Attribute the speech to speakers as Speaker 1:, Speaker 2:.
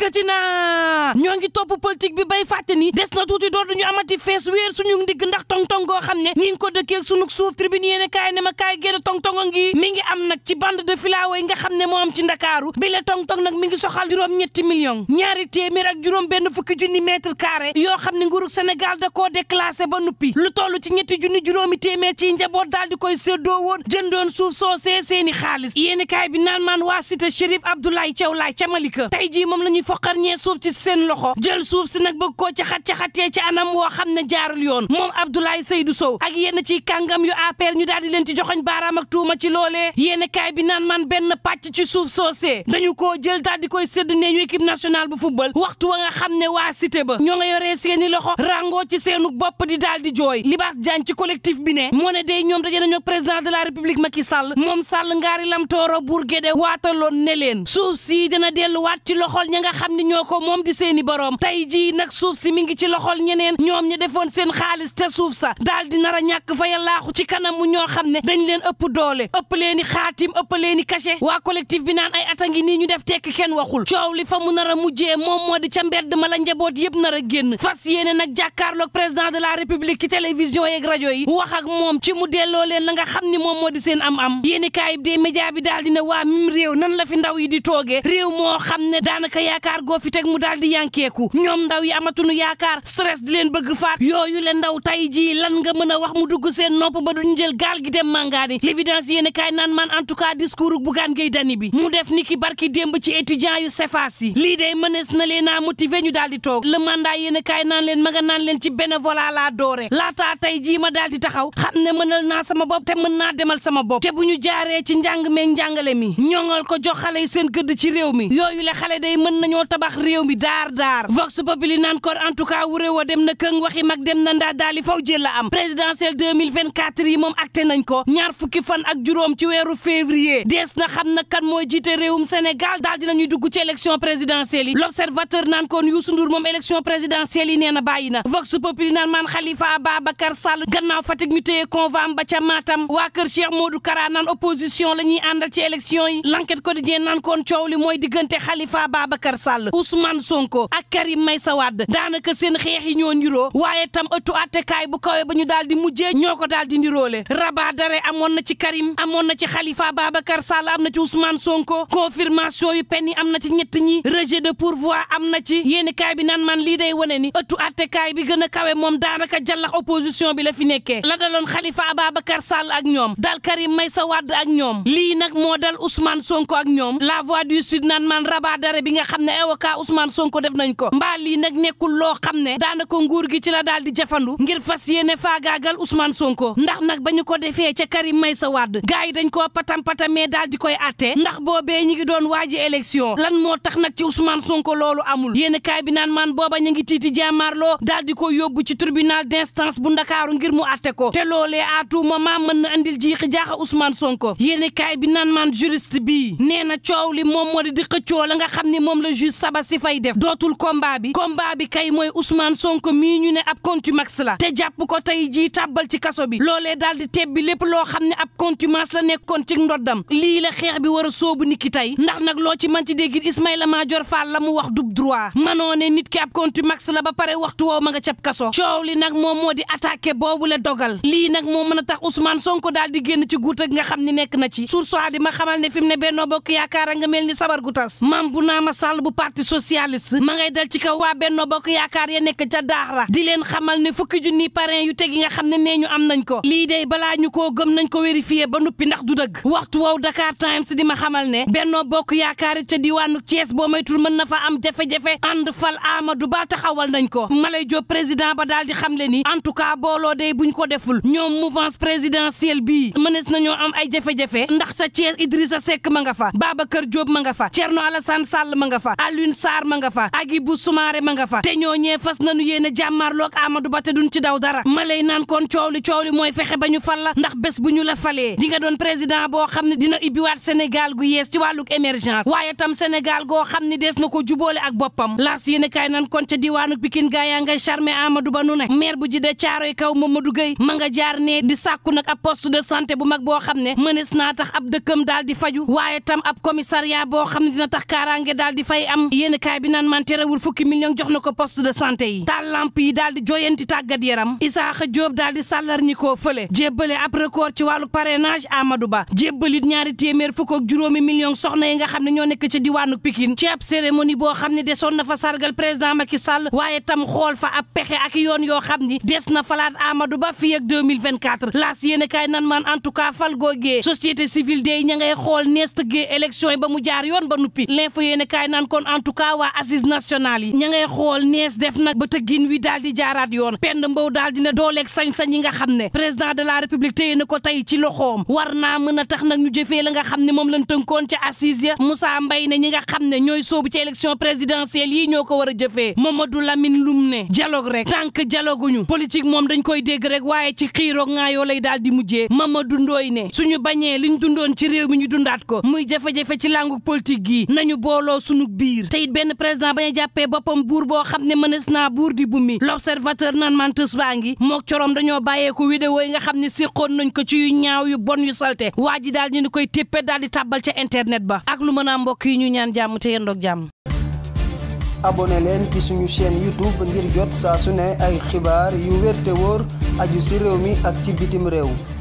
Speaker 1: dikkati na ñoo ngi topp politique bi bay fàtte ni des na tuuti door duñu amati fees wéer suñu ndigg ndax tong-tong goo xam ne ñi ngi ko dëkkeeg sunu suuf tribune yéen kaay ne ma kaay génn tong-tong ngi mi ngi am nag ci bande de filaawo yi nga xam ne moo am ci ndakaaru bi le tong-tong nag mi ngi soxal juróom ñetti millions ñaari téeméer ak juróom benn fukki junni mètre carré yoo xam ne nguuru Sénégal da koo déclassé ba nuppi lu toll ci ñetti junni juróomi téeméer ci njaboot daal di koy séddoo woon jëndoon suuf soosee seeni xaalis yéen kaay bi naan maan waa cité Chérif Abdoulaye Thiaw laay ca Malika tey jii moom lañuy foqar ñee suuf ci seen loxo jël suuf si nag bëgg koo ci xat ci xatee ci anam woo xam ne jaarul yoon moom Abdoulaye Seydou Sow ak yenn ci kàngam yu APR ñu daal di leen ci joxoñ baaraam ak tuuma ci loolee yéen kaay bi naan man benn pàcc ci suuf soosee dañu koo jël daal di koy sedd ne ñu équipe nationale bu football waxtu wa nga xam ne waa cité ba ñoo nga yoree seeni loxo rangoo ci seenu bopp di daal di jooy libaas jaan ci collectif bi ne moo ne day ñoom daje nañoo président de la république Macky Sall moom Sall ngaari lam buur géde waataloon ne leen suuf si dina delluwaat ci loxol ña xam ne ñoo ko moom di seeni boroom tey jii nag suuf si mi ngi ci loxol ñeneen ñoom ñi defoon seen xaalis te suuf sa daal di nar a ñàkk fa yallaaxu ci mu ñoo xam ne dañ leen ëpp doole ëpp leeni xaatim ëpp leeni cachet waa collectif bi naan ay ata ngi nii ñu def tekk kenn waxul coow li fa mu nara a mujjee moom moo di ca mbedd mala njaboot yëpp nar a génn fas yéene nag jàkkaarloog président de la république ci télévision yeeg rajo yi wax ak moom ci mu delloo leen la nga xam ni moom moo di seen am-am yéeni kaayib des daal dina waa réew nan la fi ndaw yi di toogee réew moo xam ne daanaka yaa yaakaar goo fi teg mu daal di yankeeku ñoom ndaw yi amatunu yaakaar stress di bëgg faat yooyu le ndaw tay jii lan nga mën a wax mu dugg seen nopp ba duñu jël gaal gi dem màngaani l'évidence yéene kaay naan man en tout cas discours Bougane Gueye Dany bi mu def ni ki barki démb ci étudiant yu CEFAS yi day mënees na leen a motiver ñu daal di toog le mandat yéene kaay naan leen ma nga naan leen ci bénévolat laa doore laataa tey jii ma daal di taxaw xam ne mënal naa sama bop te mën naa demal sama bopp bu ñu jaaree ci njàng meeg njàngale mi ñoŋal ko jox xale seen gëdd ci réew mi nañoo tabax réew mi daar daar vox populi naan kon en tout cas wuré wa dem na këng waxi mag dem na ndaa daali faw jël la am présidentielle 2024 yi moom acté nañ ko ñaar fukki fan ak juróom ci weeru février dees na xam na kan mooy jiite réewum Sénégal daal ñuy dugg ci élection présidentielle yi l'observateur naan kon Youssou Ndour moom élection présidentielle yi nee na bàyyi na vox populi naan maan Khalifa Ababacar Sall gannaaw Fatick ñu téye convent ba ca Matam waa kër Cheikh Modou Kara naan la ñuy àndal ci élection yi l'enquête quotidien naan kon coow li mooy diggante Khalifa Ababacar Sall Ousmane Sonko ak Karim Meïssa Wade daanaka seen xeex yi ñoo niroo waaye tam ëttu attekaay bu kawe ba ñu daal di mujjee ñoo ko daal di niroole rabat dare amoon na ci Karim amoon na ci Khalifa Babacar Sall am na ci Ousmane Sonko confirmation yu pen yi am na ci ñett ñi rejet de pourvoi am na ci yéeni kaay bi naan man lii day wane ni ëttu attekaay bi gën a kawe moom daanaka jallax opposition bi la fi nekkee la daloon Khalifa Babacar Sall ak ñoom dal Karim Meïssa Wade ak ñoom lii nag moo dal Ousmane Sonko ak ñoom la voix nga xam ne ka Ousmane Sonko def nañ ko mbaa lii nag nekkul loo xam ne daanaka nguur gi ci la daal di jafandu ngir fas yéene faagaagal Ousmane Sonko ndax nag ba ñu ko defee ca Karim Meïssa Wade gars yi dañ koo patam patamee daal di koy atte ndax bee ñi ngi doon waaji élection lan moo tax nag ci Ousmane Sonko loolu amul yéen kaay bi naan man booba ñu ngi tiiti jaamaarloo daal di ko yóbbu ci tribunal d'instance bu Ndakaaru ngir mu atte ko te loolee à tout maam mën na andil jiixi jaaxa Ousmane Sonko yéen kaay bi naan maan juriste bii nee na coow li moom moo di di xëccoo la nga xam ni moom la juge Sabassy Faye def dootul combat bi combat bi kay mooy Ousmane Sonko mii ñu ne ab contumace la te jàpp ko tey jii tàbbal ci kaso bi loolee daal di tebbi lépp loo xam ne ab contumace la nekkoon ci ndoddam lii la xeex bi war a soobu niki tey ndax nag loo ci man ci dégg Ismaïla Madior Fall la mu wax dub droit manoo ne nit ki ab contumace la ba pare waxtu woow ma nga cab kaso coow li nag moom moo di attaqué boobu la dogal lii nag moo mën a tax Ousmane Sonko daal di génn ci guuta nga xam ne nekk na ci sursoit ma xamal ne fi mu ne Benno Bokk Yaakaar a nga mel ni sabar gu bu parti socialiste ma ngay dal ci kaw waa Benno Bokk Yaakaar ya nekk ca Daara di leen xamal ne fukki junniy parrain yu teg yi nga xam ne nee ñu am nañ ko lii dey balaa ñu koo gëm nañ ko vérifier ba noppi ndax du dëgg waxtu waw Dakar Times di ma xamal ne Benno Bokk Yaakaar ca diwaanu Thiès boo maytul mën na fa am jafe-jafe ànd fal Amadou Ba taxawal nañ ko Malay Diop président ba daal di xam le ni en tout cas booloo dey buñ ko deful ñoom mouvance présidentielle bii mënees nañoo am ay jafe ndax sa Thiès Idrissa Seck ma nga fa Babacar Diop ma nga fa Thierno Alassane Sall ma nga fa Alioune Sarr ma nga fa Agibou Soumaré ma nga fa te ñooñee fas nañu yéen a jàmmaarloo ak Amadou Ba te duñ ci daw dara ma lay naan kon coow li coow li mooy fexe ba ñu fal la ndax bés bu ñu la falee di nga doon président boo xam ne dina ibbiwaat Sénégal gu yees ci wàlluk émergence waaye tam Sénégal goo xam ne dees na ko juboole ak boppam laas yéen kaay nan kon ca diwaanu Pikine gaa yaa ngay charmer Amadou Ba nu ne maire bu jidee caaroy kaw Mamadou Gueye ma nga jaar ne di sàkku nag ab poste de santé bu mag boo xam ne mënees naa tax ab dëkkam daal di faju waaye tam ab commissariat boo xam ne dina tax am yéen kaay bi naan man terewul fukki million jox na ko poste de santé yi taal lamp yi daal di jooyanti tàggat yaram Isaaxa Diop daal di sàllar ñi koo fële jébbale ab record ci wàllu parrainage Amadou Ba jébbalit ñaari téeméer fukk ak juróomi million soxna yi nga xam ne ñoo nekk ca diwaanu Pikine ci ab cérémonie boo xam na fa sargal président Macky Sall waaye tam xool fa ab pexe ak yoon yoo xam ni des na falaat Amadou Ba fii ak 2024 laas yéen kaay nan man en tout cas fal googee société civile day ña ngay xool nees tëggee élection yi ba mu jaar yoon ba nuppi kon en tout cas waa assises nationales yi ña ngay xool nees def nag ba tëggin wi daal di jaaraat yoon pend mbaw daal dina dooleeg sañ-sañ yi nga xam ne président de la république téye na ko tey ci loxoom war naa mën a tax nag ñu jëfee la nga xam ne moom lañ tënkoon ca assises ya Moussa Mbaye ne ñi nga xam ne ñooy soobu ci élection présidentielle yi ñoo ko war a jëfee Mamadou Lamine Loum ne jalog rek tànk dialogue ñu politique moom dañ koy dégg rek waaye ci xiiroo ngaayoo lay daal di mujjee Mamadou ne suñu bañee liñ dundoon ci réew mi ñu dundaat ko muy jafe ci langu politique gi nañu booloo sunu biir te benn président bañ a jàppee boppam buur boo xam ne mënees naa buur di bumi l'observateur naan man baa ngi mook coroom dañoo bàyyeeku vidéo yi nga xam ne siqoon nañ ko ci yu ñaaw yu bon yu salte waa ji daal ñu ni koy téppe daal di tàbbal ca internet ba ak lu mën a mbokk yi ñu ñaan jàmm te yendoog jàmm abonné leen ci suñu chaîne youtube ngir jot saa su ne ay xibaar yu wér te wóor aju ci réew mi ak ci bitim réew